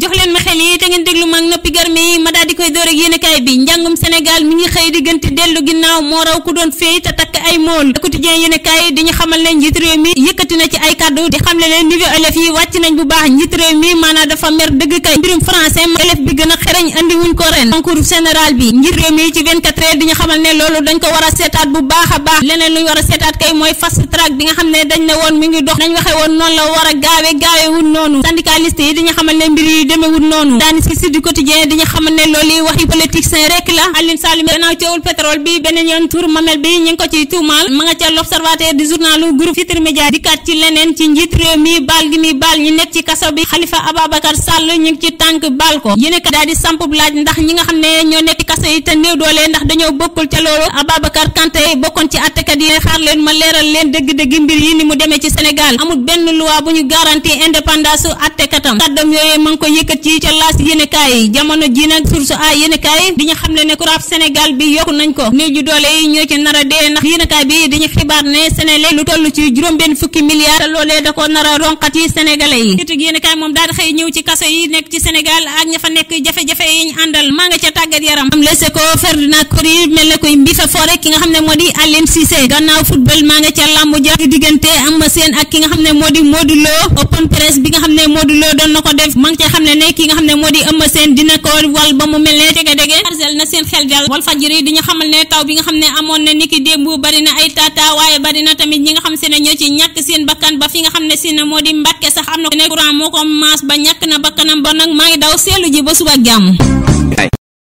jox leen ma xel yi te ngeen déglu maag noppi garme yi ma daal koy door ak bi njàngum Sénégal mi ngi xëy di gënti dellu ginnaaw moo raw ku doon féey te takk ay mool di xamal ne a loolu dañ ko war a seetaat bu baax a baax leneen luñ war a seetaat kay mooy fast track bi nga xam ne dañ ne woon mi ngi dox nañ waxe woon noonu la war a gaawe gaawe wuñ noonu syndicaliste yi di xamal ne mbir demewut noonu daani si si du quotidien diñu xamal ne loolu waxi politicien rek la Alioune Sall mi gannaaw teewul pétrole bi beneen yoon tur mamel bi ñu ngi ko ci tuumaal ma nga ca l'observateur du journalu groupe Futurs Médias dikkaat ci leneen ci njiit réew mi baal gi muy baal ñi nekk ci kaso bi Khalifa Ababacar Sall ñu ngi ci tànk baal ko yéen ka daal di laaj ndax ñi nga xam ne ñoo nekk ci kaso yi te néew doole ndax dañoo bokkul ca loolu Ababacar Kanté bokkoon yëkkat ci ca laas yéenekaay yi jamono ji nag source a yéenekaay di ñu xam ne ne ko rap Sénégal bi yokku nañ ko néew ju doole yi a dee ñu xibaar ne Sénégal lu toll ci juróom-benn fukki milliards te da ko nar a yi sénégalais yi étug yéenekaay moom daal yi nekk fa nekk jafe-jafe yi ñu àndal maa nga ca tàggat yaram am nga xam ne moo maa nga ca làmb ja diggante am seen ak ki nga xam ne moo di Modou Lo open press bi nga xam ne Modou Lo doon na ko def ma xam ne ne ki nga xam ne moo di Eumeu Sène dina ko wal ba mu mel ne dege-dege parcelle na seen xel dal wal fajiri di ñu xamal ne taw bi nga xam ne amoon na niki démb bari ay tata waaye tamit ñi nga xam se ne ñoo ci ñàkk seen bakkan ba fi nga xam ne si ne moo di Mbàkke sax am na ne courant moo ko maas ba ñàkk na bakkanam ba nag maa ngi daw seelu ji ba suba jàmm